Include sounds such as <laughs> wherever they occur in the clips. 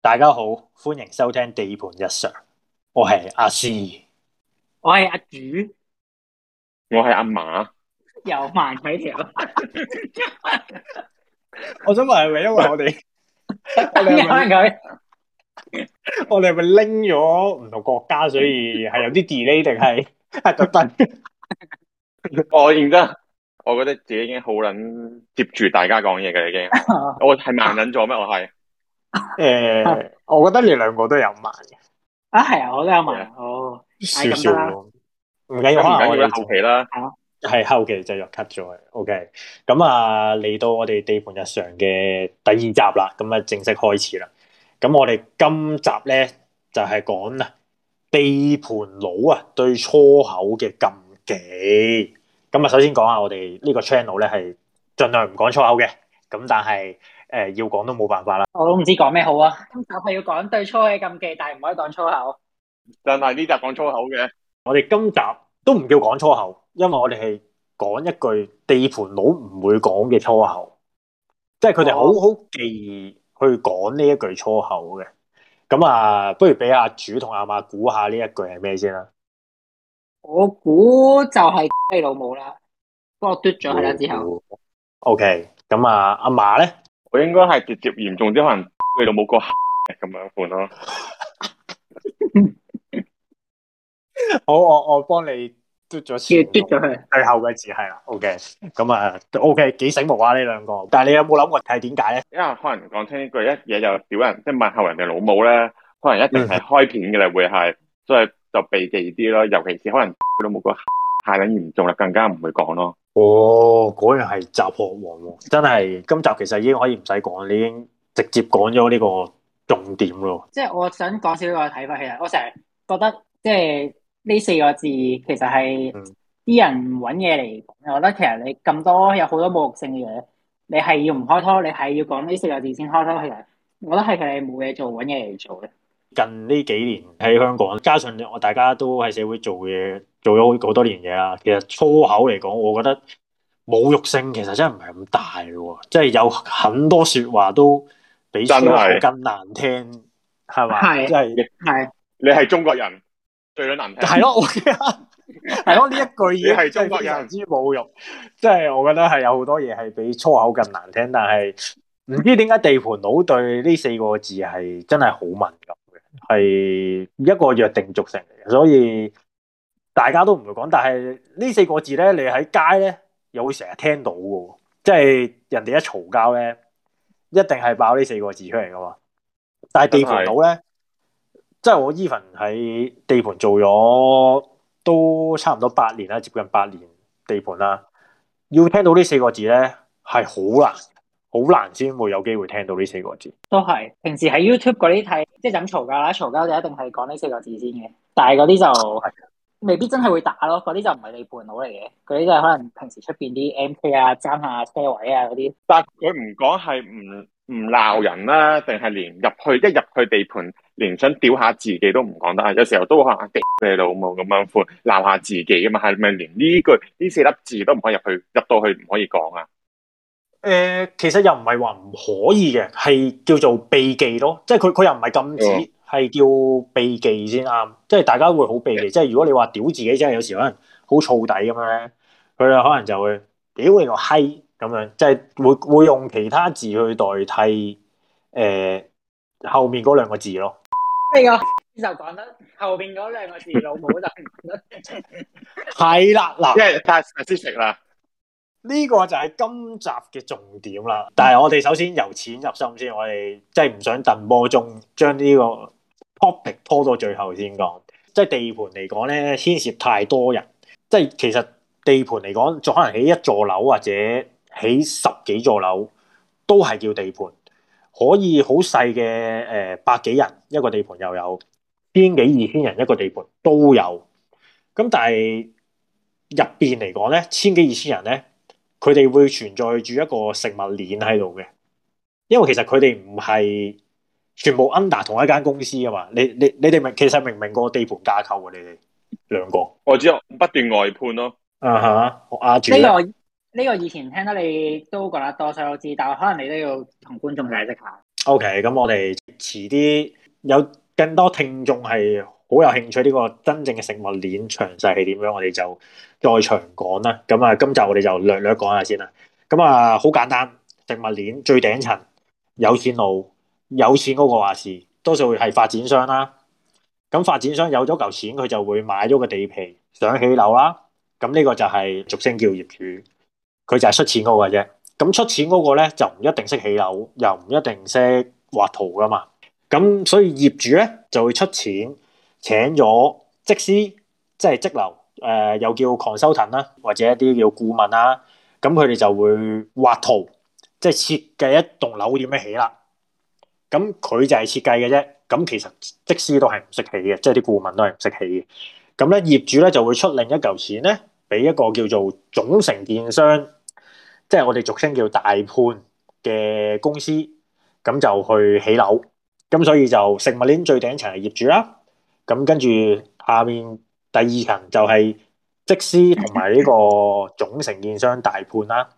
大家好，歡迎收聽地盤日常。我係阿詩，我係阿主，我係阿馬，又萬鬼條。我想問係咪因為我哋？ <laughs> 我哋係咪？ <laughs> 我哋係咪拎咗唔同國家，所以係有啲 delay 定係係得唔得？我認真，我覺得自己已經好捻接住大家講嘢嘅已經。我係盲捻咗咩？我係誒， <laughs> 我覺得你兩個都有慢嘅。啊，係啊，我都有慢。哦、yeah.，少少、啊，唔緊要，唔緊要，我有後期啦。係後期就又 cut 咗。OK，咁啊，嚟到我哋地盤日常嘅第二集啦，咁啊，正式開始啦。咁我哋今集咧就係講啊地盤佬啊對粗口嘅禁忌。咁啊首先，講下我哋呢個 channel 咧係盡量唔講粗口嘅。咁但係誒、呃、要講都冇辦法啦。我都唔知講咩好啊。今集係要講對粗口嘅禁忌，但係唔可以講粗口。但係呢集講粗口嘅，我哋今集都唔叫講粗口，因為我哋係講一句地盤佬唔會講嘅粗口，即係佢哋好好記去講呢一句粗口嘅，咁啊，不如俾阿主同阿嫲估下呢一句係咩先啦。我估就係你老母啦，幫我嘟咗佢啦之後。O K，咁啊，阿嫲咧，我應該係直接嚴重啲，可能你老母過咁樣判咯。 <laughs> <laughs> 好，我我幫你。跌咗，跌咗係最後嘅字係啦。O K，咁啊，O K，幾醒目啊呢兩個。但係你有冇諗過睇點解咧？因為可能講聽呢句一嘢就屌人，即係問候人哋老母咧，可能一定係開片嘅啦，會係。mm-hmm. 所以就避忌啲咯。尤其是可能老母個下緊嚴重啦，更加唔會講咯。哦，嗰樣係集破王喎，真係今集其實已經可以唔使講，已經直接講咗呢個重點咯。即係我想講少啲個睇法，其實我成日覺得即係。呢四個字其實係啲人搵嘢嚟講，我覺得其實你咁多有好多侮辱性嘅嘢，你係要唔開拖，你係要講呢四個字先開拖。其實我覺得係佢哋冇嘢做，搵嘢嚟做嘅。近呢幾年喺香港，加上我大家都喺社會做嘢，做咗好多年嘢啦。其實粗口嚟講，我覺得侮辱性其實真係唔係咁大咯，即係有很多說話都比粗口更難聽，係嘛？係，即係係你係中國人。最難聽係 <laughs> 咯，係咯，呢一句已經係中國人之侮辱。即係我覺得係有好多嘢，係比粗口更難聽，但係唔知點解地盤佬對呢四個字係真係好敏感嘅，係一個約定俗成嚟嘅，所以大家都唔會講。但係呢四個字咧，你喺街咧又會成日聽到嘅，即係人哋一嘈交咧，一定係爆呢四個字出嚟噶嘛。但係地盤佬咧。即係我 even 喺地盤做咗都差唔多八年啦，接近八年地盤啦。要聽到呢四個字咧，係好難，好難先會有機會聽到呢四個字。都係平時喺 YouTube 嗰啲睇，即係就咁嘈交啦，嘈交就一定係講呢四個字先嘅。但係嗰啲就未必真係會打咯，嗰啲就唔係地盤佬嚟嘅，嗰啲就可能平時出邊啲 MK 啊爭下車位啊嗰啲。但佢唔講係唔。唔鬧人啦、啊，定係連入去一入去地盤，連想屌下自己都唔講得。有時候都可能激死老母咁樣，呼鬧下自己啊嘛，係咪連呢句呢四粒字都唔可以入去？入到去唔可以講啊？誒、呃，其實又唔係話唔可以嘅，係叫做避忌咯。即係佢佢又唔係禁止，係、嗯、叫避忌先啱。即係大家會好避忌。即係如果你話屌自己，真係有時候可能好燥底咁樣咧，佢可能就會屌你個閪。咁樣即係會會用其他字去代替誒、呃、後面嗰兩個字咯。呢個就講得後面嗰兩個字，老母就唔得。係啦嗱，因為太 sizzling 啦。呢、這個就係今集嘅重點啦。但係我哋首先由淺入深先，我哋即係唔想鄧波中將呢個 topic 拖到最後先講。即、就、係、是、地盤嚟講咧，牽涉太多人。即、就、係、是、其實地盤嚟講，仲可能起一座樓或者。起十幾座樓都係叫地盤，可以好細嘅誒，百幾人一個地盤，又有千幾二千人一個地盤都有，咁但係入邊嚟講咧，千幾二千人咧，佢哋會存在住一個食物鏈喺度嘅，因為其實佢哋唔係全部 under 同一間公司啊嘛，你你你哋明其實明唔明個地盤架構啊你哋兩個，我只有不斷外判咯，啊、uh、吓 -huh, 我壓住。呢、個以前聽得你都覺得多所有知，但係可能你都要同觀眾解釋下。O K，咁我哋遲啲有更多聽眾係好有興趣呢個真正嘅食物鏈詳細係點樣，我哋就再長講啦。咁啊，今集我哋就略略講下先啦。咁啊，好簡單，食物鏈最頂層有錢佬，有錢嗰個話事，多數會係發展商啦。咁發展商有咗嚿錢，佢就會買咗個地皮上起樓啦。咁呢個就係俗稱叫業主。佢就係出錢嗰個嘅啫，咁出錢嗰個咧就唔一定識起樓，又唔一定識畫圖噶嘛，咁所以業主咧就會出錢請咗則師，即係則樓，誒、呃、又叫 consultant 啦，或者一啲叫顧問啊，咁佢哋就會畫圖，即係設計一棟樓點樣起啦，咁佢就係設計嘅啫，咁其實則師都係唔識起嘅，即係啲顧問都係唔識起嘅，咁咧業主咧就會出另一嚿錢咧，俾一個叫做總承建商。即係我哋俗稱叫大判嘅公司，咁就去起樓，咁所以就食物鏈最頂層係業主啦。咁跟住下面第二層就係則師同埋呢個總承建商大判啦。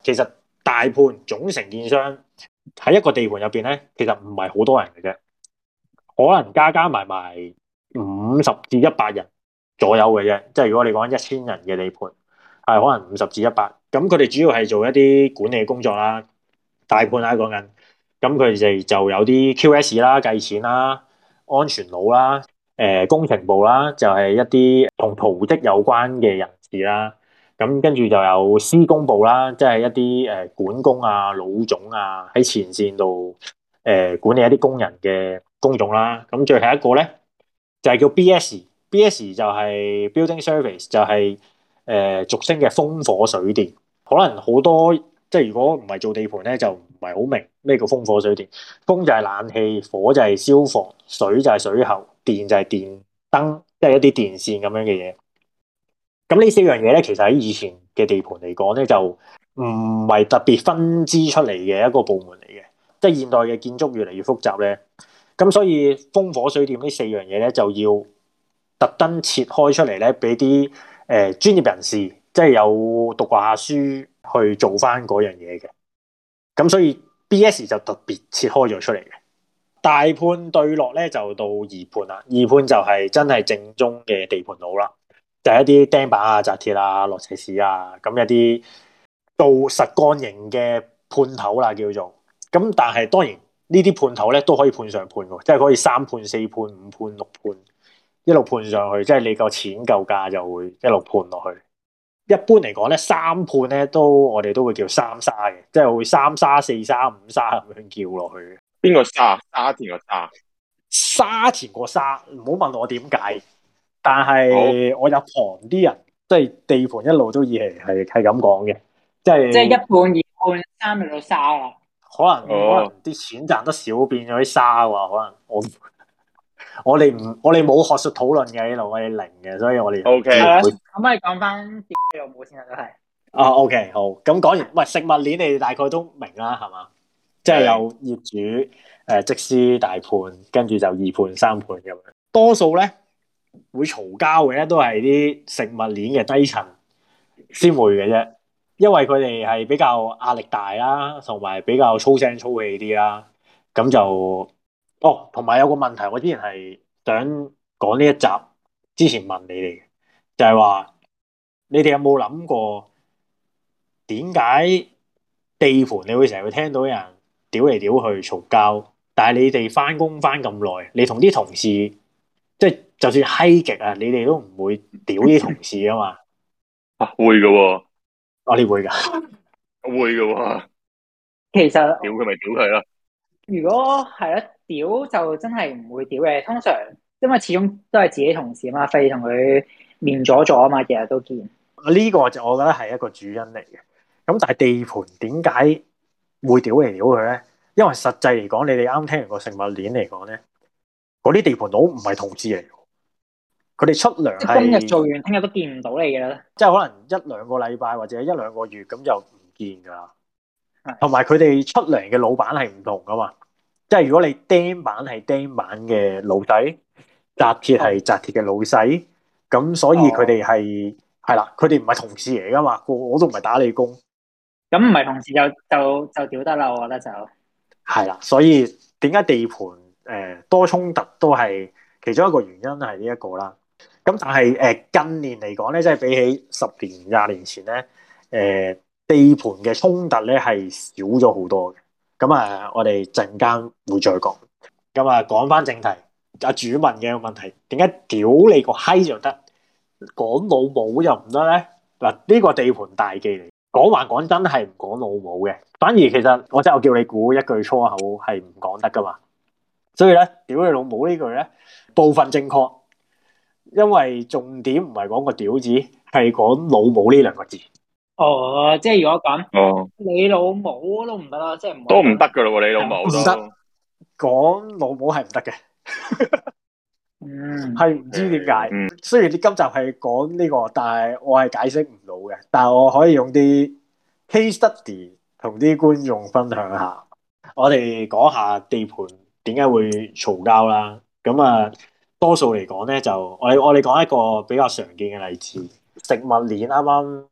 其實大判總承建商喺一個地盤入邊咧，其實唔係好多人嘅啫，可能加加埋埋五十至一百人左右嘅啫。即係如果你講一千人嘅地盤，係可能五十至一百。咁佢哋主要係做一啲管理工作啦，大判啦講緊，咁佢哋就有啲 QS 啦計錢啦，安全佬啦，誒、呃、工程部啦，就係、是、一啲同圖則有關嘅人士啦。咁跟住就有施工部啦，即、就、係、是、一啲誒管工啊老總啊喺前線度誒、呃、管理一啲工人嘅工種啦。咁最後一個咧，就係、是、叫 BS，BS BS 就係 Building Service，就係、是。誒，俗稱嘅風火水電，可能好多即係如果唔係做地盤咧，就唔係好明咩叫風火水電。風就係冷氣，火就係消防，水就係水喉，電就係電燈，即係一啲電線咁樣嘅嘢。咁呢四樣嘢咧，其實喺以前嘅地盤嚟講咧，就唔係特別分支出嚟嘅一個部門嚟嘅。即係現代嘅建築越嚟越複雜咧，咁所以風火水電呢四樣嘢咧，就要特登切開出嚟咧，俾啲，誒、呃、專業人士即係有讀過下書去做返嗰樣嘢嘅，咁所以 B.S 就特別切開咗出嚟嘅。大判對落咧就到二判啦，二判就係真係正，正宗嘅地盤佬啦，就係、是、一啲釘板啊、紮鐵啊、落斜士啊，咁一啲做實幹型嘅判頭啦叫做。咁但係當然呢啲判頭咧都可以判上判喎，即係可以三判、四判、五判、六判。一路判上去，即係你個錢夠價就會一路判落去。一般嚟講咧，三判咧都我哋都會叫三沙嘅，即係會三沙、四沙、五沙咁樣叫落去。邊個沙？沙田個沙？沙田個沙，唔好問我點解。但係我有旁啲人，即係地盤一路都係係係咁講嘅，即係即係一判、二判、三到沙啦。可能、嗯、可能啲錢賺得少，變咗啲沙啩。可能我。我哋唔，我哋冇學術討論嘅呢度，我哋零嘅，所以我哋 O K。咁可以講翻點樣冇錢嘅都係啊。O、okay, K，好，咁講完，喂，食物鏈，你哋大概都明啦，係嘛？Yeah. 即係有業主誒、呃，即係大判，跟住就二判、三判咁樣，多數咧會嘈交嘅咧，都係啲食物鏈嘅低層先會嘅啫，因為佢哋係比較壓力大啦，同埋比較粗聲粗氣啲啦，咁就。哦，同埋有個問題，我之前係想講呢一集之前問你哋嘅，就係話你哋有冇諗過點解地盤你會成日會聽到人屌嚟屌去嘈交，但係你哋翻工翻咁耐，你同啲同事即係就算嗨極啊，哦、你哋都唔會屌啲同事啊嘛？啊，會嘅，我哋會噶，會嘅。其實屌佢咪屌佢啦，如果係咧。屌就真係唔會屌嘅，通常因為始終都係自己同事啊嘛，費事同佢面阻阻啊嘛，日日都見。呢個就我覺得係一個主因嚟嘅。咁但係地盤點解會屌嚟屌佢咧？因為實際嚟講，你哋啱聽完個食物鏈嚟講咧，嗰啲地盤佬唔係同事嚟嘅，佢哋出糧係今、就是、日做完，聽日都見唔到你嘅咧。即、就、係、是、可能一兩個禮拜或者一兩個月咁就唔見噶啦。同埋佢哋出糧嘅老闆係唔同噶嘛。即係如果你釘板係釘板嘅老底，紮鐵係紮鐵嘅老細，咁所以佢哋係係啦，佢哋唔係同事嚟㗎嘛，我我都唔係打你工。咁唔係同事就就就屌得啦，我覺得就係啦。所以點解地盤誒、呃、多衝突都係其中一個原因係呢一個啦。咁但係誒、呃、近年嚟講咧，即係比起十年廿年前咧，誒、呃、地盤嘅衝突咧係少咗好多嘅。咁啊，我哋陣間會再講。咁啊，講翻正題，阿主問嘅問題，點解屌你個閪就得，講老母就唔得咧？嗱，呢個地盤大忌嚟，講還講真係唔講老母嘅，反而其實我真係我叫你估一句粗口係唔講得噶嘛。所以咧，屌你老母這句呢句咧，部分正確，因為重點唔係講個屌字，係講老母呢兩個字。哦，即係如果講、哦，你老母都唔得啦，即係都唔得噶咯，你老母唔得，講老母係唔得嘅，係 <laughs> 唔知點解、嗯、嗯。雖然你今集係講呢個，但係我係解釋唔到嘅，但係我可以用啲 case study 同啲觀眾分享一下。我哋講下地盤點解會嘈交啦。咁啊，多數嚟講咧就我我哋講一個比較常見嘅例子，食物鏈啱啱，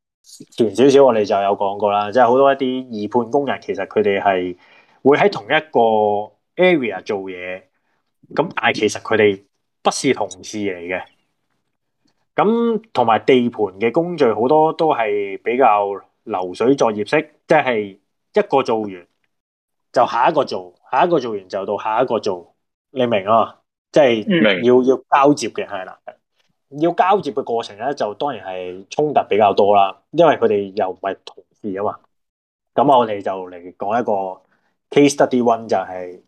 前少少我哋就有講過啦，即係好多一啲二判工人，其實佢哋係會喺同一個 area 做嘢，咁但係其實佢哋不是同事嚟嘅，咁同埋地盤嘅工序好多都係比較流水作業式，即係一個做完就下一個做，下一個做完就到下一個做，你明啊？即係要明要交接嘅係啦。要交接嘅過程咧，就當然係衝突比較多啦，因為佢哋又唔係同事啊嘛。咁我哋就嚟講一個 case study one 就係、是、誒、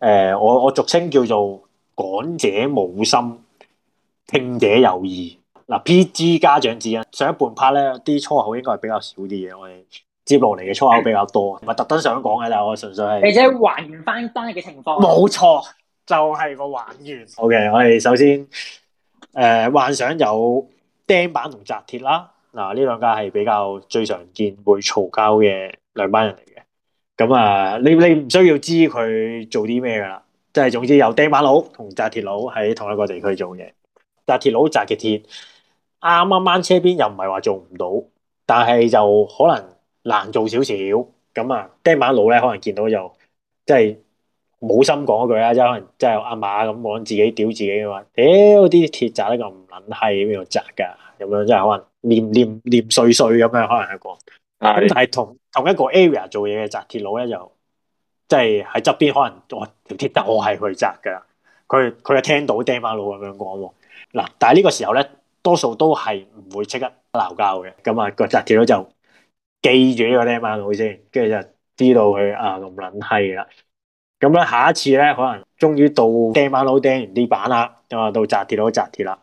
呃，我我俗稱叫做講者無心，聽者有意。嗱、啊、P. G. 家長指引上一半 part 咧，啲粗口應該係比較少啲嘅。我哋接落嚟嘅粗口比較多，唔係特登想講嘅，但係我純粹係。你係還原翻當日嘅情況？冇錯，就係、是、個還原。O.、Okay, K. 我哋首先。誒，幻想有釘板同紮鐵啦，嗱呢兩家係比較最常見會嘈交嘅兩班人嚟嘅，咁啊你你唔需要知佢做啲咩㗎喇，即係總之有釘板佬同紮鐵佬喺同一個地區做嘢，紮鐵佬紮嘅鐵，啱啱彎車邊又唔係話做唔到，但係就可能難做少少，咁啊釘板佬咧可能見到就即係。就是冇心講嗰句啦，即係可能即係阿媽咁往自己屌自己嘅話，屌啲、哎、鐵紮得咁撚閪，邊度紮㗎？咁樣即係可能念念念碎碎咁樣，可能係講。咁但係同同一個 area 做嘢嘅紮鐵佬咧，就即係喺側邊可能條、哦、鐵都係去紮㗎，佢佢又聽到爹媽佬咁樣講喎。嗱，但係呢個時候咧，多數都係唔會即刻鬧交嘅。咁啊，個紮鐵佬就記住呢個爹媽佬先，跟住就知道佢啊咁撚閪啦。咁咧，下一次咧，可能終於到釘板佬釘完啲板啦，咁啊到紮鐵佬紮鐵啦，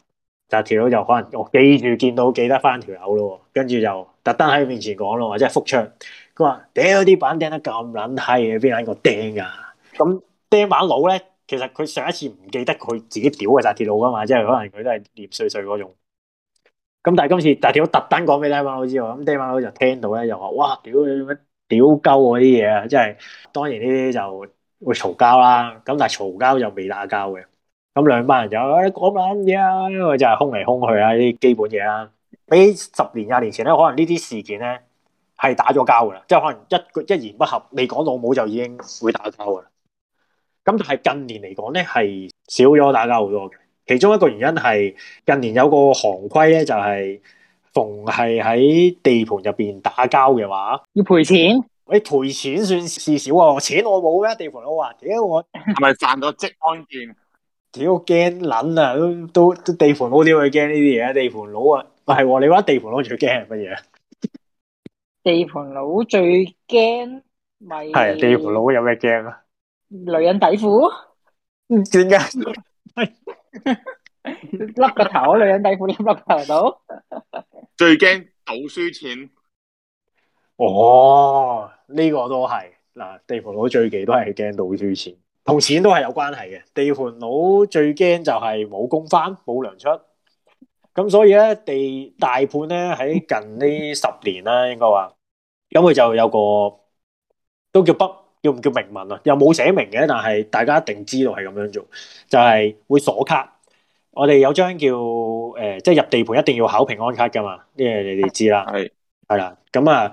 紮鐵佬就可能我記住見到記得翻條友咯，跟住就特登喺面前講咯，即係復出，佢話屌啲板釘得咁撚閪嘅，邊撚個釘啊？咁釘板佬咧，其實佢上一次唔記得佢自己屌嘅紮鐵佬噶嘛，即係可能佢都係捏碎碎嗰種。咁但係今次，但紮鐵佬特登講俾釘板佬知，咁釘板佬就聽到咧，又話哇屌佢乜屌鳩嗰啲嘢啊！即係當然呢啲就。會嘈交啦，咁但係嘈交就未打交嘅。咁兩班人就講緊嘢，因為就係空嚟空去啊，呢啲基本嘢啦。比十年廿年前咧，可能呢啲事件咧係打咗交嘅，即係可能一一言不合，你講老母就已經會打交嘅。咁但係近年嚟講咧，係少咗打交好多嘅。其中一個原因係近年有個行規咧，就係逢係喺地盤入邊打交嘅話，要賠錢。你賠錢算事少啊，錢我冇咩，地盤佬啊，屌我係咪賺到即安見？屌驚撚啊，都都地盤佬點會驚呢啲嘢啊，地盤佬啊，係、哎、你話地盤佬最驚係乜嘢？地盤佬最驚咪係地盤佬有咩驚啊？女人底褲？點解？係 <laughs> 甩 <laughs> <laughs> 個頭，女人底褲你甩頭到？頭頭 <laughs> 最驚賭輸錢。哦，呢、這個都係嗱，地盤佬最忌都係驚到輸錢，同錢都係有關係嘅。地盤佬最驚就係冇工返，冇糧出。咁所以咧，地大判咧喺近呢十年啦，應該話，咁佢就有個都叫北，叫唔叫明文啊？又冇寫明嘅，但係大家一定知道係咁樣做，就係、是、會鎖卡。我哋有張叫誒、呃，即係入地盤一定要考平安卡噶嘛，呢樣你哋知啦，係係啦，咁啊。嗯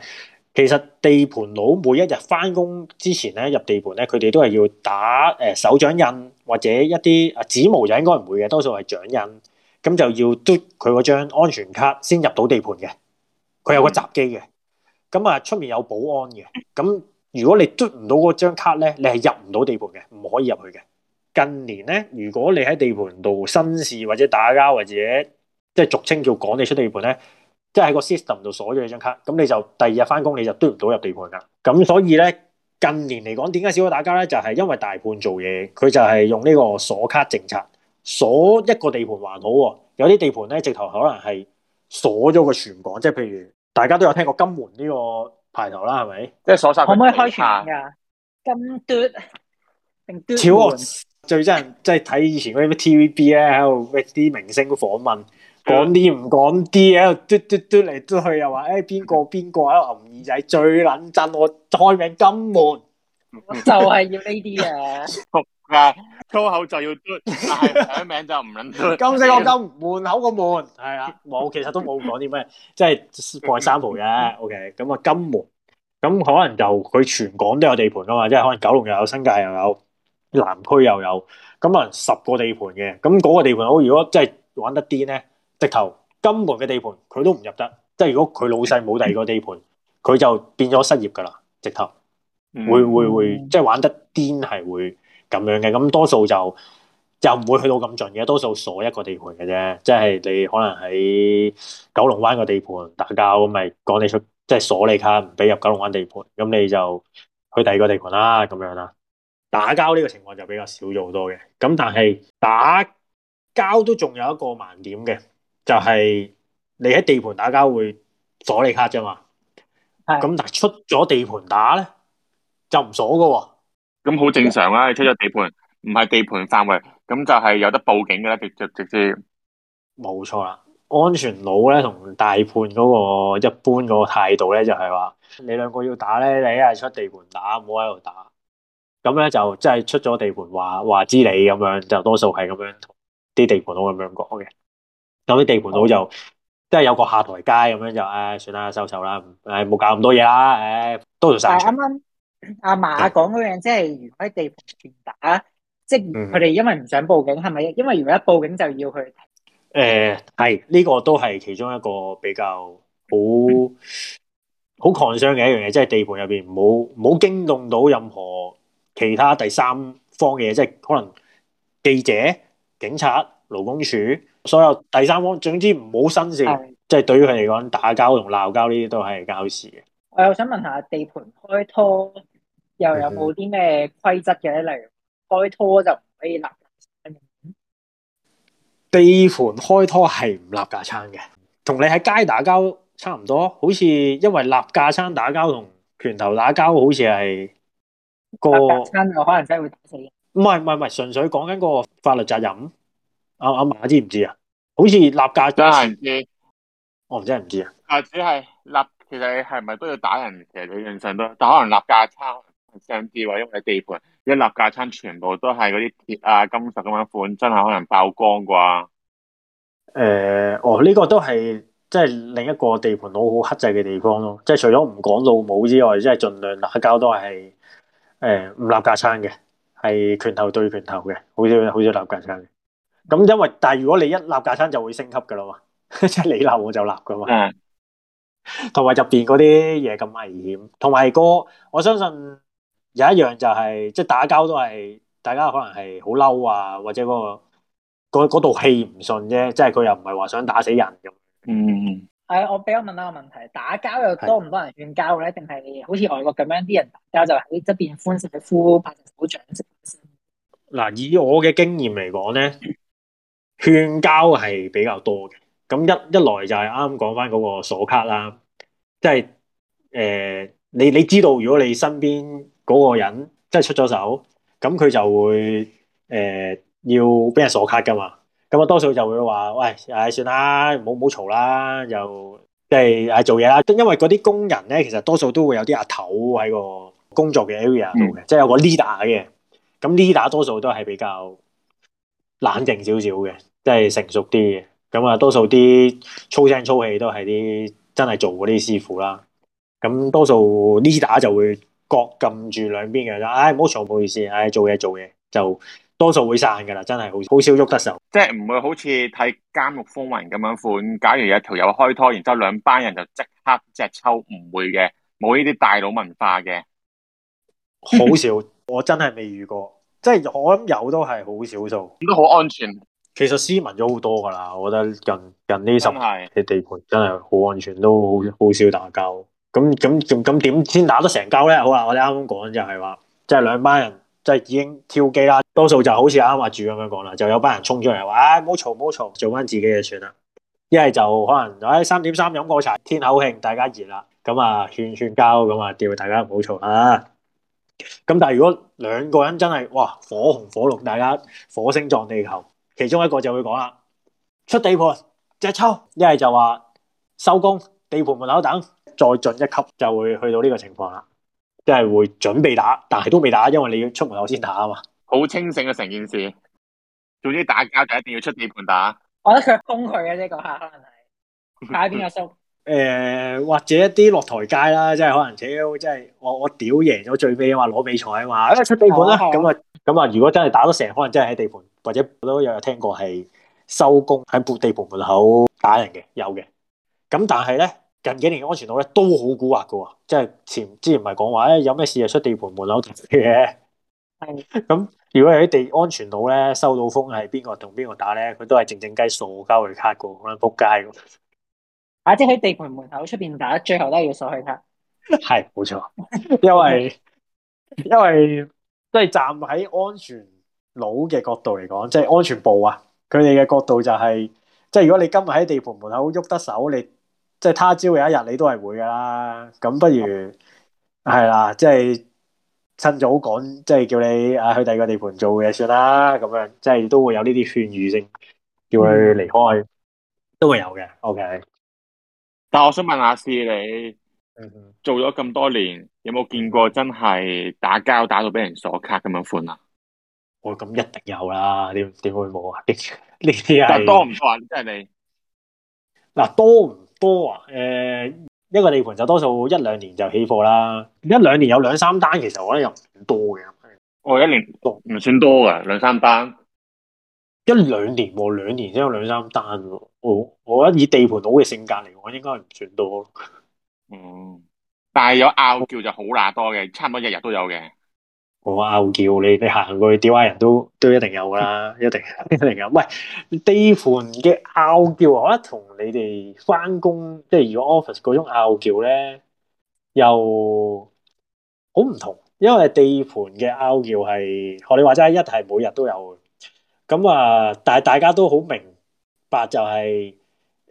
其實地盤佬每一日返工之前咧入地盤咧，佢哋都係要打誒、呃、手掌印或者一啲啊指模就應該唔會嘅，多數係掌印。咁就要嘟佢嗰張安全卡先入到地盤嘅。佢有個閘機嘅，咁啊出面有保安嘅。咁如果你嘟唔到嗰張卡咧，你係入唔到地盤嘅，唔可以入去嘅。近年咧，如果你喺地盤度生事或者打交或者即係俗稱叫趕你出地盤咧。即係喺個 system 度鎖咗你張卡，咁你就第二日翻工你就嘟唔到入地盤噶。咁所以咧，近年嚟講，點解少咗打交咧？就係因為大盤做嘢，佢就係用呢個鎖卡政策鎖一個地盤還好，有啲地盤咧直頭可能係鎖咗個全港，即係譬如大家都有聽過金門呢個牌頭啦，係咪？即係鎖晒。可唔可以開全噶？金奪，定奪？少最憎即係睇以前嗰啲 TVB 咧喺度啲明星訪問。講啲唔講啲喺度，嘟嘟嘟嚟嘟去又話，誒邊個邊個喺度牛耳仔最捻震，我開名金門 <laughs> 就係要呢啲嘢啊，係 <laughs> 粗口就要嘟，開名就唔捻嘟。金色個金，門口個門，係啊，冇 <laughs> 其實都冇講啲咩，即係賣三鋪嘅。O.K. 咁啊金門咁可能就佢全港都有地盤噶嘛，即係可能九龍又有，新界又有，南區又有，咁可能十個地盤嘅。咁嗰個地盤好，如果真係玩得癲咧。直頭金門嘅地盤，佢都唔入得。即係如果佢老細冇第二個地盤，佢就變咗失業噶啦。直頭會、嗯、會會即係玩得癲係會咁樣嘅。咁多數就就唔會去到咁盡嘅，多數鎖一個地盤嘅啫。即係你可能喺九龍灣個地盤打交咁，咪趕你出即係鎖你卡，唔俾入九龍灣嘅地盤。咁你就去第二個地盤啦，咁樣啦。打交呢個情況就比較少咗好多嘅。咁但係打交都仲有一個盲點嘅。就係、是、你喺地盤打交會阻你卡啫嘛，咁但係出咗地盤打咧就唔鎖㗎，咁好正常啦、啊。你出咗地盤唔係地盤範圍，咁就係有得報警噶啦，直直直接。冇錯啦，安全佬咧同大判嗰、那個一般嗰個態度咧就係、是、話你兩個要打咧，你一係出地盤打，唔好喺度打。咁咧就即係、就是、出咗地盤話話知你咁樣，就多數係咁樣同啲地盤佬咁樣講嘅。有啲地盤佬就即係有個下台階咁樣就，唉，算啦，收手啦，唉，冇搞咁多嘢啦，唉，多謝晒。但啱啱阿馬講嗰樣，即係如果喺地盤打，即係佢哋因為唔想報警，係咪？因為如果一報警就要去，誒，係呢個都係其中一個比較好好 concern 嘅一樣嘢，即係地盤入邊唔好驚動到任何其他第三方嘅嘢，即係可能記者、警察、勞工處。所有第三方，總之唔好生事，即係、就是、對於佢嚟講，打交同鬧交呢啲都係搞事嘅。我又想問下地盤開拖，又有冇啲咩規則嘅？例如開拖就唔可以立架撐。地盤開拖係唔立架撐嘅，同你喺街打交差唔多。好似因為立架撐打交同拳頭打交，好似係個架撐，我可能真係會打死人。唔係唔係唔係，純粹講緊個法律責任。阿阿嫲知唔知啊？好似立價真係唔知，我真係唔知啊。或、哦啊、只係立，其實係咪都要打人？其實你印象都但可能立價差，可至先因為地盤一立價差，全部都係嗰啲鐵啊、金屬咁樣款，真係可能爆光啩。誒、呃，哦，呢、這個都係即係另一個地盤好好克制嘅地方咯。即、就、係、是、除咗唔講老母之外，即係盡量打交都係誒唔立價差嘅，係拳頭對拳頭嘅，好少好少立價差嘅。咁因為，但係如果你一立架山就會升級噶啦嘛，即 <laughs> 係你立我就立噶嘛。嗯。同埋入邊嗰啲嘢咁危險，同埋、嗰個我相信有一樣就係、是，即係打交都係大家可能係好嬲啊，或者嗰、嗰個嗰度氣唔順啫，即係佢又唔係話想打死人咁。嗯。係、哎、我畀我問一個問題，打交又多唔多人勸交咧？定係好似外國咁樣啲人打交就喺側邊歡聲嘅呼，呼拍手掌聲？嗱，以我嘅經驗嚟講咧。嗯勸交係比較多嘅，咁一一來就係啱啱講翻嗰個鎖卡啦，即係誒，你你知道如果你身邊嗰個人即係出咗手，咁佢就會誒、呃、要俾人鎖卡噶嘛，咁啊多數就會話，喂，唉，算啦，唔好唔好嘈啦，又即係唉做嘢啦，因為嗰啲工人咧，其實多數都會有啲阿頭喺個工作嘅 area 度嘅，即係有個 leader 嘅，咁 leader 多數都係比較冷靜少少嘅。即係成熟啲嘅，咁啊，多數啲粗聲粗氣都係啲真係做嗰啲師傅啦。咁多數呢打就會各撳住兩邊嘅，唉、哎，唔好嘈，唔好意思，唉、哎，做嘢做嘢就多數會散噶啦，真係好少，好少喐得手。即係唔會好似睇監獄風雲咁樣款。假如有條友開拖，然之後兩班人就即刻隻抽，唔會嘅，冇呢啲大佬文化嘅，好 <laughs> 少。我真係未遇過，即係我諗有都係好少數，都好安全。其實斯文咗好多噶啦，我覺得近近呢十年嘅地盤真係好安全，都好少打交。咁咁咁咁點先打得成交咧？好啦，我哋啱啱講就係話，即係兩班人即係已經挑機啦，多數就好似啱話住咁樣講啦，就有班人衝出嚟話，唉、哎，唔好嘈唔好嘈，做翻自己嘅算啦。一係就可能喺三點三飲過茶，天口慶，大家熱啦，咁啊勸勸交，咁啊叫大家唔好嘈啊。咁但係如果兩個人真係哇火紅火綠，大家火星撞地球。其中一個就會講啦，出地盤隻抽，一係就話收工，地盤門口等，再進一級就會去到呢個情況啦，即係會準備打，但係都未打，因為你要出門口先打啊嘛。好清醒嘅、啊、成件事，總之打交就一定要出地盤打。我覺得佢封佢嘅呢嗰下可能係打邊個叔。 <laughs> 誒、呃、或者一啲落台階啦，即係可能屌，即係我我屌贏咗最尾啊嘛，攞比賽啊嘛，因出地盤啦，咁啊咁啊，如果真係打到成，可能真係喺地盤或者都有有聽過係收工喺地盤門口打人嘅，有嘅。咁但係咧，近幾年嘅安全道咧都好蠱惑噶喎，即係前之前唔係講話，誒、哎、有咩事就出地盤門口打嘅。咁 <laughs> 如果喺地安全道咧收到風係邊個同邊個打咧，佢都係靜靜雞傻鳩嚟卡過，咁樣仆街。打、啊、即喺地盤門口出邊打，最後都係要鎖佢卡。係冇錯，因為 <laughs> 因為都係、就是、站喺安全佬嘅角度嚟講，即、就、係、是、安全部啊。佢哋嘅角度就係、是，即、就、係、是、如果你今日喺地盤門口喐得手，你即係、就是、他朝有一日，你都係會噶啦。咁不如係、嗯、啦，即、就、係、是、趁早講，即、就、係、是、叫你啊去第二個地盤做嘢算啦。咁樣即係、就是、都會有呢啲勸喻性，叫佢離開、嗯、都會有嘅。OK。但我想問一下 Sir 你做咗咁多年，有冇見過真係打交打到俾人鎖卡咁樣款啊？我、哦、咁一定有啦，點點會冇啊？呢啲係多唔多啊？即係你嗱多唔多啊？誒、呃，一個地盤就多數一兩年就起貨啦，一兩年有兩三單，其實我覺得又唔算多嘅。我、哦、一年多唔算多噶，兩三單。一兩年喎，兩年先有兩三單喎，哦。我我覺得以地盤佬嘅性格嚟講，我應該唔算多。嗯，但係有拗撬就好喇多嘅，差唔多日日都有嘅。我拗撬你，你行過去屌下人都都一定有㗎啦， <laughs> 一定一定有。喂，地盤嘅拗撬，我覺得同你哋翻工即係如果 office 嗰種拗撬咧，又好唔同，因為地盤嘅拗撬係學你話齋，一係每日都有。咁、嗯、啊，但係大家都好明白、就是，就係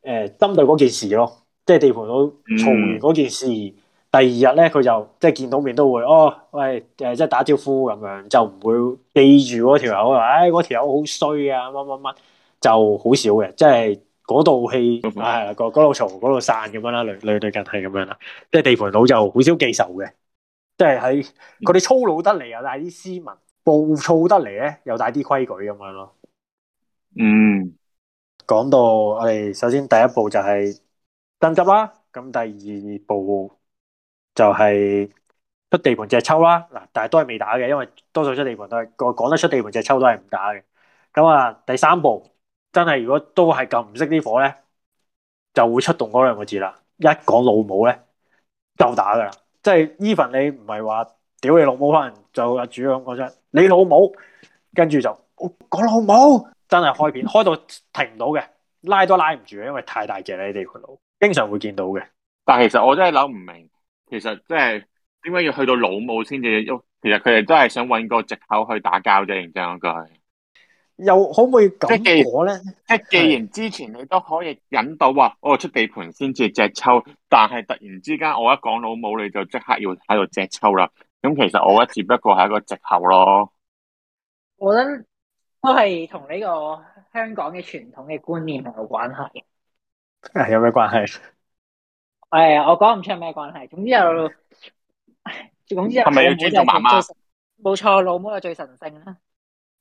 誒針對嗰件事咯，即係地盤佬嘈完嗰件事，嗯、第二日咧佢就即係見到面都會哦，喂誒，即係打招呼咁樣，就唔會記住嗰條友啊，唉，嗰條友好衰啊，乜乜乜就好少嘅，即係嗰度氣係啦，嗰嗰度嘈，嗰度散咁樣啦，類類對近係咁樣啦，即係地盤佬就好少記仇嘅，即係喺佢哋粗魯得嚟啊，但係啲斯文。暴躁得嚟咧，又帶啲規矩咁樣咯。嗯，講到我哋首先第一步就係登級啦、啊，咁第二步就係出地盤隻抽啦。嗱，但係都係未打嘅，因為多數出地盤都係講得出地盤隻抽都係唔打嘅。咁啊，第三步真係如果都係咁唔熄啲火咧，就會出動嗰兩個字啦。一講老母咧，夠打㗎，即係 even 你唔係話。屌你老母，可就阿主咁講啫。你老母，跟住就我講、哦、老母，真係開片開到停唔到嘅，拉都拉唔住，因為你地太大隻啦地盤佬。經常會見到嘅，但係其實我真係諗唔明，其實即係點解要去到老母先至，其實佢哋都係想揾個借口去打交啫。認真講句，又可唔可以即？即係我咧，即係既然之前你都可以引導話，我、哦、出地盤先至隻抽，但係突然之間我一講老母，你就即刻要喺度隻抽啦。咁其實我一只不過係一個藉口咯，我覺得都係同呢個香港嘅傳統嘅觀念係有關係。係有咩關係？係、哎、我講唔出有咩關係，總之就、嗯、總之就老母冇錯，老母就最神聖啦。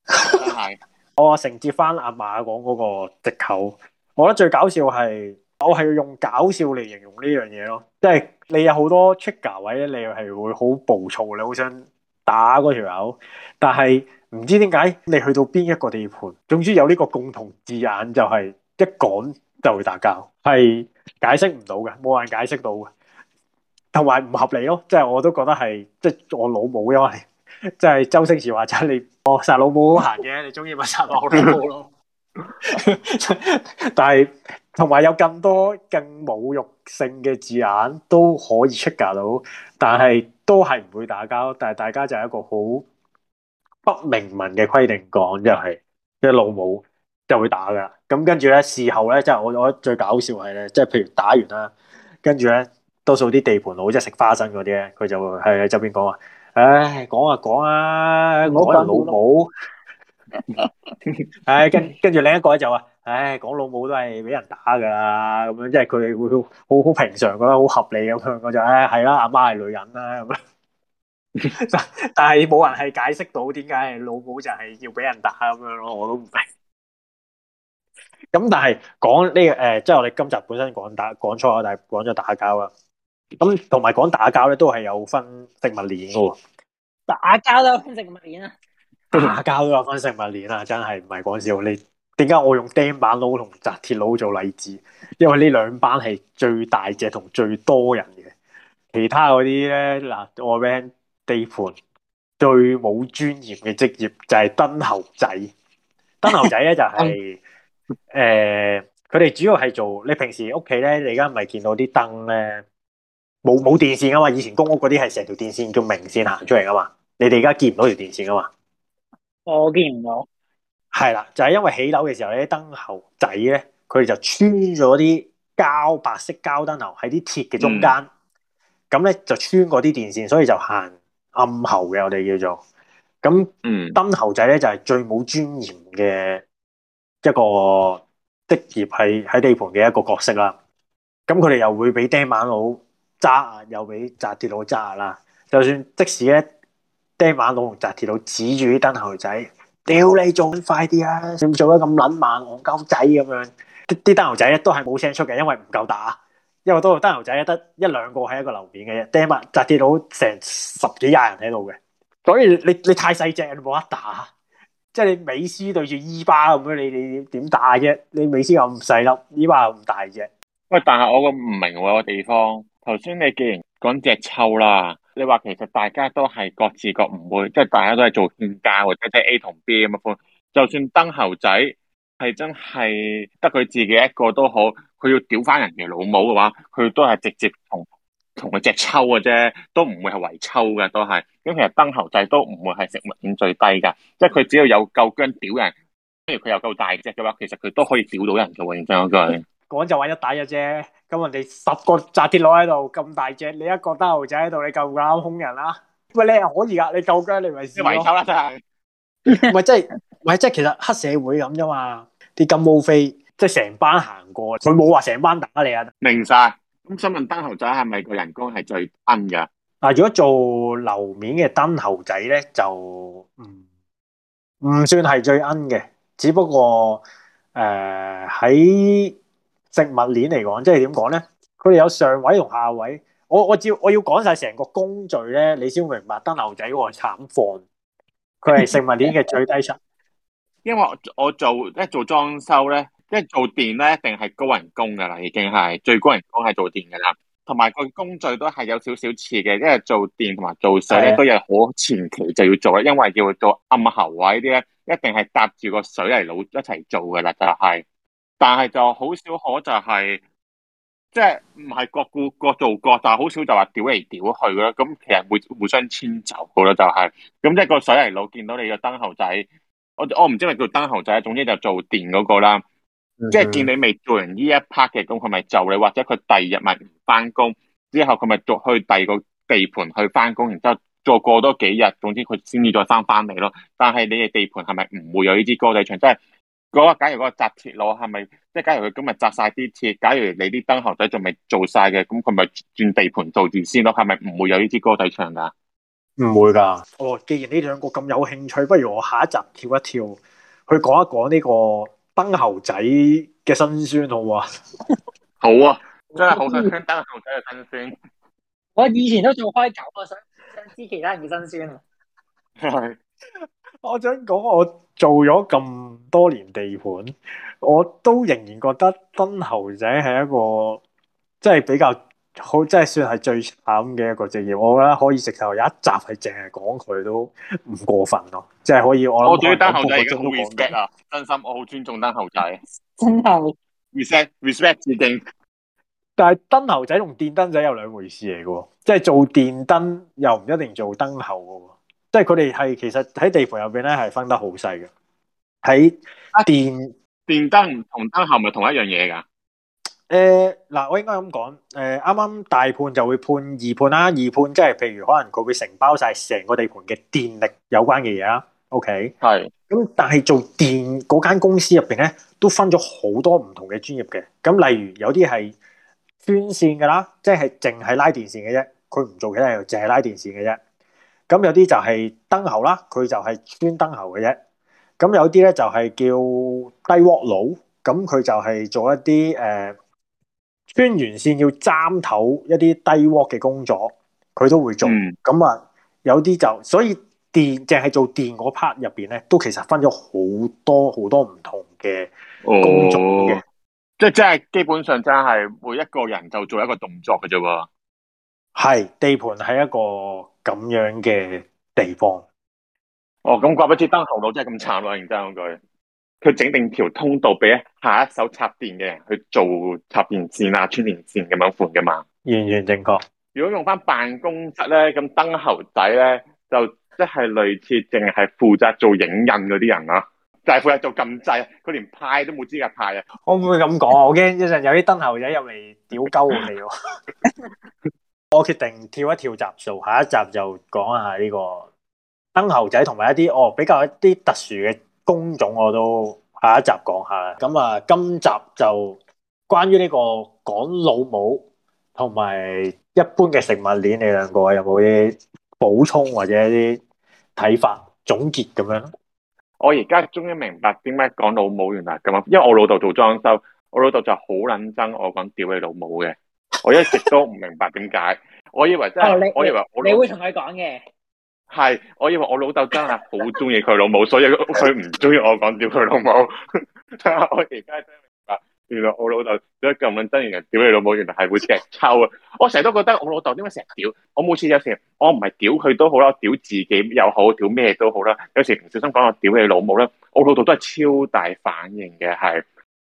係 <laughs> 我承接翻阿馬講嗰個藉口，我覺得最搞笑係。我係要用搞笑嚟形容呢樣嘢咯，即係你有好多 trigger 位咧，你又係會好暴躁，你好想打嗰條友，但係唔知點解你去到邊一個地盤，總之有呢個共同字眼就係一講就會打交，係解釋唔到嘅，冇人解釋到嘅，同埋唔合理咯，即係我都覺得係即係我老母，因為即係周星馳話齋你殺老母好行嘅，你中意咪殺老母咯， <laughs> <laughs> <laughs> 但係。同埋有咁多更侮辱性嘅字眼都可以 trigger 到，但係都係唔會打交。但係大家就係一個好不明文嘅規定講，就係老母就會打噶咁跟住咧事後咧，即係我我最搞笑係咧，即係譬如打完啦，跟住咧多數啲地盤佬即係食花生嗰啲咧，佢就會係喺周邊講話：唉，講啊講啊，啊，啊，我老母。 <laughs> 唉，跟跟住另一個就話。唉，講老母都係俾人打噶啦，咁樣即係佢哋會好好平常覺得好合理咁樣，我就唉係啦，阿媽係女人啦咁樣。但係冇人係解釋到點解老母就係要俾人打咁樣咯，我都唔明。咁但係講呢個誒，即係我哋今集本身講打講錯啊，但係講咗打交啊。咁同埋講打交咧，都係有分食物鏈噶喎。打交都有分食物鏈啊！打交都有分食物鏈啊！真係唔係講笑你。點解我用釘板佬同紮鐵佬做例子？因為呢兩班係最大隻同最多人嘅。其他嗰啲咧，嗱我 friend 地盤最冇尊嚴嘅職業就係燈喉仔。燈喉仔咧就係、是、誒，佢 <laughs> 哋、呃、主要係做你平時屋企咧，你而家咪見到啲燈咧冇冇電線噶嘛？以前公屋嗰啲係成條電線叫明線行出嚟，噶嘛？你哋而家見唔到條電線噶嘛？我見唔到。係啦，就係、是、因為起樓嘅時候，啲燈喉仔咧，佢哋就穿咗啲膠白色膠燈喉喺啲鐵嘅中間，咁、嗯、咧就穿過啲電線，所以就行暗喉嘅，我哋叫做咁。燈喉仔咧就係、是、最冇尊嚴嘅一個職業，係喺地盤嘅一個角色啦。咁佢哋又會俾釘板佬揸啊，又俾紮鐵佬揸啦。就算即使咧釘板佬同紮鐵佬指住啲燈喉仔。屌你做快啲啊！要要做做嘅咁撚猛，我鳩仔咁樣，啲啲燈喉仔咧都係冇聲出嘅，因為唔夠打，因為多數燈喉仔得一兩個喺一個樓面嘅啫，掟埋就跌到成十幾廿人喺度嘅，所以你你太細隻，你冇得打，即係你美斯對住伊巴咁樣，你你點打啫？你美斯又咁細粒，伊巴又咁大隻。喂，但係我個唔明個地方，頭先你既然講隻臭啦。你話其實大家都係各自各唔會，即係大家都係做專家或者係 A 同 B 咁嘅款。就算燈喉仔係真係得佢自己一個都好，佢要屌翻人嘅老母嘅話，佢都係直接同同佢隻抽嘅啫，都唔會係圍抽嘅都係。咁其實燈喉仔都唔會係食物鏈最低噶，即係佢只要有夠薑屌人，跟住佢又夠大隻嘅話，其實佢都可以屌到人嘅喎，應該。講就話一打一啫，咁人哋十個紮鐵佬喺度咁大隻，你一個燈喉仔喺度，你夠啱兇人啦。喂，你又可以噶，你夠薑，你咪先圍手啦，真係。喂即係，喂即係，其實黑社會咁啫嘛，啲金毛飛即係成班行過，佢冇話成班打你啊。明晒。咁想問燈喉仔係咪個人工係最奀嘅？嗱，如果做樓面嘅燈喉仔咧，就唔，唔算係最奀嘅，只不過誒喺。食物鏈嚟講，即係點講咧？佢哋有上位同下位。我我，照我要我要講晒成個工序咧，你先明白。燈喉仔個慘況，佢係食物鏈嘅最低層 <laughs> 因為我做即做裝修咧，即係做電咧，一定係高人工噶啦，已經係最高人工係做電噶啦。同埋個工序都係有少少似嘅，因為做電同埋做水咧，都係好前期就要做啦。因為要做暗喉位啲咧，一定係搭住個水泥佬一齊做噶啦，就係。但係就好少可就係、是，即係唔係各顧各做各，但係好少就話屌嚟屌去咯。咁其實互互相遷就噶、是、咯，就係咁即係個水泥佬見到你個燈喉仔，我我唔知係咪叫燈喉仔，總之就是做電嗰個啦。Mm -hmm. 即係見你未做完呢一 part 嘅，咁佢咪就你，或者佢第二日咪唔翻工，之後佢咪逐去第二個地盤去翻工，然之後再過多幾日，總之佢先至再生翻嚟咯。但係你嘅地盤係咪唔會有呢支歌仔唱？即係。嗰、那個假如嗰個紮鐵佬係咪即係假如佢今日紮晒啲鐵，假如你啲燈喉仔仲未做晒嘅，咁佢咪轉地盤做住先咯？係咪唔會有呢支歌仔唱㗎？唔會㗎。哦，既然呢兩個咁有興趣，不如我下一集跳一跳去講一講呢個燈喉仔嘅辛酸，好啊！好啊！真係好想聽燈喉仔嘅辛酸。我，我以前都做開狗，我想知其他人嘅辛酸啊！係。我想講，我做咗咁多年地盤，我都仍然覺得燈喉仔係一個即係比較好，即係算係最慘嘅一個職業。我覺得可以直頭有一集係淨係講佢都唔過分咯，即係可以。我對燈喉仔已經 respect，真心我好尊重燈喉仔，真係 respect respect 致敬。但係燈喉仔同電燈仔有兩回事嚟嘅，即係做電燈又唔一定做燈喉嘅。即係佢哋係其實喺地盤入邊咧係分得好細嘅。喺電電燈同燈喉係咪同一樣嘢噶？誒、呃、嗱，我應該咁講。誒、呃，啱啱大判就會判二判啦。二判即係譬如可能佢會承包晒成個地盤嘅電力有關嘅嘢啦。O K，係。咁但係做電嗰間公司入邊咧，都分咗好多唔同嘅專業嘅。咁例如有啲係穿線噶啦，即係淨係拉電線嘅啫。佢唔做嘅，其他嘢，淨係拉電線嘅啫。咁有啲就係燈喉啦，佢就係穿燈喉嘅啫。咁有啲咧就係叫低鑊佬，咁佢就係做一啲誒、呃、穿完線要攢頭一啲低鑊嘅工作，佢都會做。咁、嗯、啊，有啲就所以電淨係做電嗰 part 入邊咧，都其實分咗好多好多唔同嘅工作嘅。即係即係基本上，真係每一個人就做一個動作嘅啫喎。係地盤係一個，咁樣嘅地方，哦，咁怪不知燈喉佬真係咁慘啊！認真句，佢整定條通道俾下一手插電嘅人去做插電線啊、穿電線咁樣換噶嘛，完全正確。如果用翻辦公室咧，咁燈喉仔咧就即係類似，淨係負責做影印嗰啲人啊就係、是、負責做撳掣，佢連派都冇資格派啊！我唔會咁講啊，我驚一陣有啲燈喉仔入嚟屌鳩我哋。 <laughs> 我決定跳一跳集數，下一集就講下呢個燈喉仔同埋一啲哦，比較一啲特殊嘅工種，我都下一集講下啦。咁啊，今集就關於呢個講老母同埋一般嘅食物鏈，你兩個有冇啲補充或者啲睇法總結咁樣？我而家終於明白點解講老母，原來咁樣，因為我老豆做裝修，我老豆就好捻憎我講屌你老母嘅。 <laughs> 我一直都唔明白點解，我以為真，我以為我老豆會同佢講嘅，係我以為我老豆真係好中意佢老母，所以佢唔中意我講屌佢老母。我而家真明白，原來我老豆點解咁樣。真型人屌你老母，原來係會次抽啊！我成日都覺得我老豆點解成日屌，我每次有時我唔係屌佢都好啦，屌自己又好，屌咩都好啦，有時唔小心講我屌你老母啦，我老豆都係超大反應嘅，係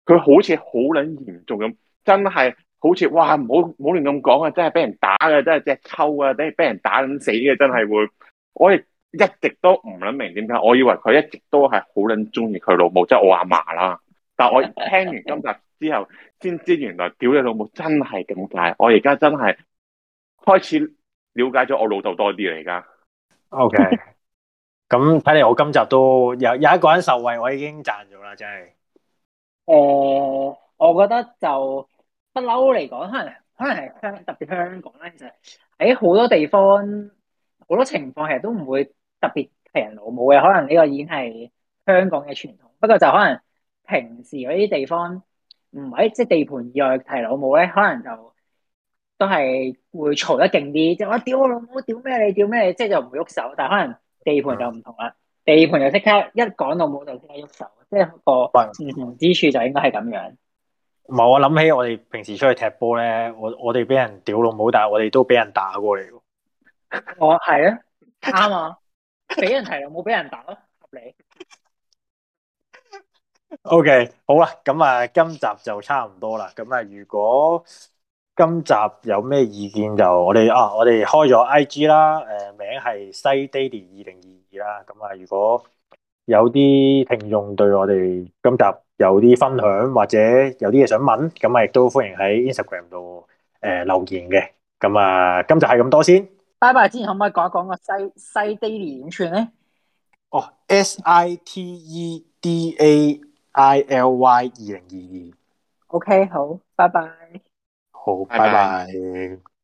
佢好似好撚嚴重咁，真係。好似哇，唔好唔好亂咁講啊！真係俾人打嘅，真係隻抽啊！等係俾人打緊死嘅，真係會。我亦一直都唔諗明點解，我以為佢一直都係好撚中意佢老母，即係我阿嫲啦。但我聽完今集之後，先 <laughs> 知原來屌你老母真係咁解。我而家真係開始了解咗我老豆多啲嚟。而家，OK。咁睇嚟，我今集都有有一個人受惠，我已經賺咗啦。真係。誒、呃，我覺得就。不嬲嚟講，可能可能係香特別香港啦。其實喺好多地方，好多情況其實都唔會特別提人老母嘅。可能呢個已經係香港嘅傳統。不過就可能平時嗰啲地方唔係即地盤以外提老母咧，可能就都係會嘈得勁啲。即我屌我老母，屌咩你，屌咩你，即就唔會喐手。但可能地盤就唔同啦，地盤就即刻一講到冇就即刻喐手。即、個唔同之處就應該係咁樣。唔係，我諗起我哋平時出去踢波咧，我我哋俾人屌落冇，但係我哋都俾人打過嚟。我係啊，啱啊，俾人提落冇，俾人打咯，合理。OK，好啦，咁啊，今集就差唔多啦。咁啊，如果今集有咩意見，就我哋啊，我哋開咗 IG 啦，誒、呃，名係西爹哋二零二二啦。咁啊，如果有啲聽眾對我哋今集，有啲分享或者有啲嘢想問，咁啊亦都歡迎喺 Instagram 度誒，留言嘅。咁啊，今集就係咁多先，拜拜。之前可唔可以講一講個 Site Daily 點串咧？哦，oh，S I T E D A I L Y 二零二二。O K，好，拜拜。好，拜拜。